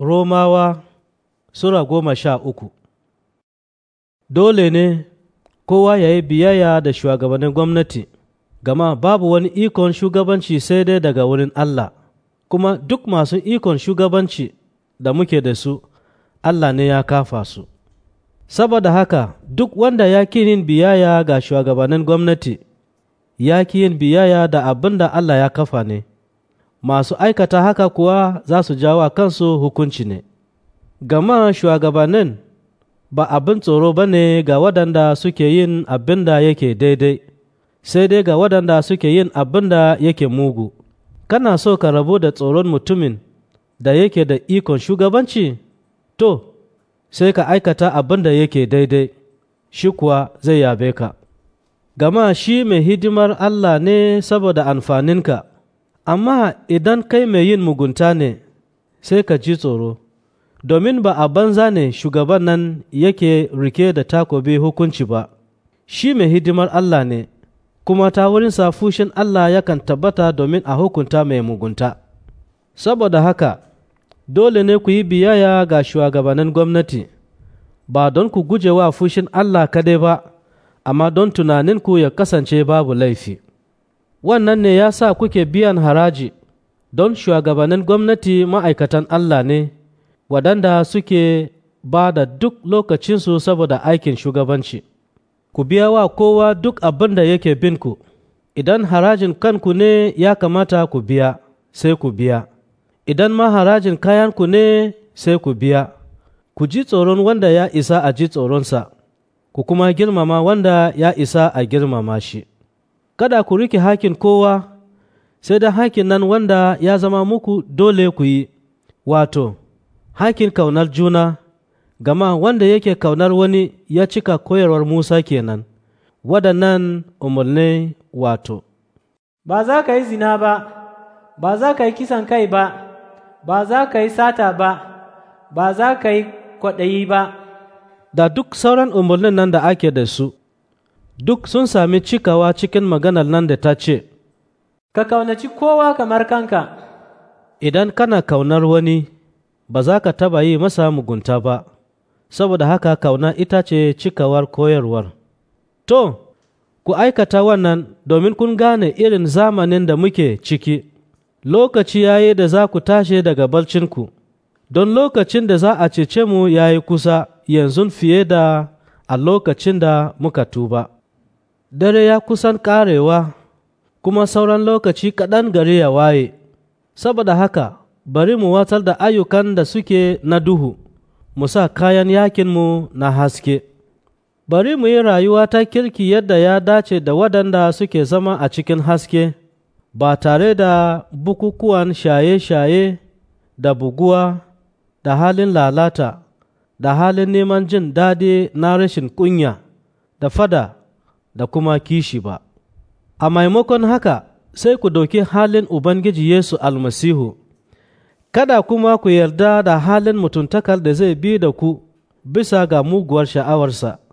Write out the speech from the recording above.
Romawa Sura goma sha uku Dole ne kowa ya yi biyayya da shugabannin gwamnati, gama babu wani ikon shugabanci sai dai daga wurin Allah, kuma duk masu ikon shugabanci da muke da su, Allah ne ya kafa su. Saboda haka duk wanda ya yin biyayya ga shugabannin gwamnati, ya yin biyayya da abin da Allah ya kafa ne. masu aikata haka kuwa za su jawo a kansu hukunci ne gama shugabannin ba abin tsoro ba ne ga waɗanda suke yin abin da yake daidai sai dai ga waɗanda suke yin abin da yake mugu kana so ka rabu da tsoron mutumin da yake da ikon shugabanci to sai ka aikata abin da yake daidai shi kuwa zai yabe ka gama shi mai hidimar allah ne saboda amfaninka amma idan kai mai yin mugunta ne sai ka ji tsoro domin ba a banza ne shugaban nan yake rike da takobi hukunci ba shi mai hidimar Allah ne kuma ta wurinsa fushin Allah yakan tabbata domin a hukunta mai mugunta saboda haka dole ne ku yi biyaya ga shugabannin gwamnati ba don ku guje wa fushin Allah kadai ba amma don tunaninku ya kasance babu laifi. wannan ne ya sa kuke biyan haraji don shugabannin gwamnati ma'aikatan Allah ne waɗanda suke ba da duk lokacinsu saboda aikin shugabanci ku biya wa kowa duk abin da yake binku idan harajin kanku ne ya kamata ku biya sai ku biya idan ma harajin kayanku ne sai ku biya ku ji tsoron wanda ya isa a ji tsoronsa ku kuma girmama wanda ya isa a girmama shi kada ku rike hakin kowa sai da hakin nan wanda ya zama muku dole ku yi wato hakin kaunar juna gama wanda yake kaunar wani ya cika koyarwar musa kenan waɗannan umarni wato ba za ka yi zina ba ba za ka yi kisan kai ba ba za ka yi sata ba ba za ka yi kwaɗayi ba da duk sauran umarnin nan da ake da su duk sun sami cikawa cikin maganar nan da ta ce, Ka kaunaci kowa kamar kanka. Idan kana kaunar wani, ba za ka taba yi masa mugunta ba, saboda haka kauna ita ce cikawar koyarwar. To, ku aikata wannan domin kun gane irin zamanin da muke ciki, lokaci yayi da za ku tashe daga barcinku, don lokacin da za a cece mu yayi kusa yanzu fiye da a lokacin da muka tuba. dare ya kusan ƙarewa, kuma sauran lokaci kaɗan gari ya waye, saboda haka bari mu watsar da ayyukan da suke na duhu, mu sa kayan yakinmu na haske. Bari mu yi rayuwa ta kirki yadda ya dace da waɗanda suke zama a cikin haske, ba tare da bukukuwan shaye-shaye da buguwa da halin lalata, da halin neman jin daɗi na rashin kunya, da fada. da kuma kishi ba a maimakon haka sai ku ɗauki halin ubangiji yesu almasihu kada kuma ku yarda da halin mutuntakar da zai bi da ku bisa ga muguwar sha'awarsa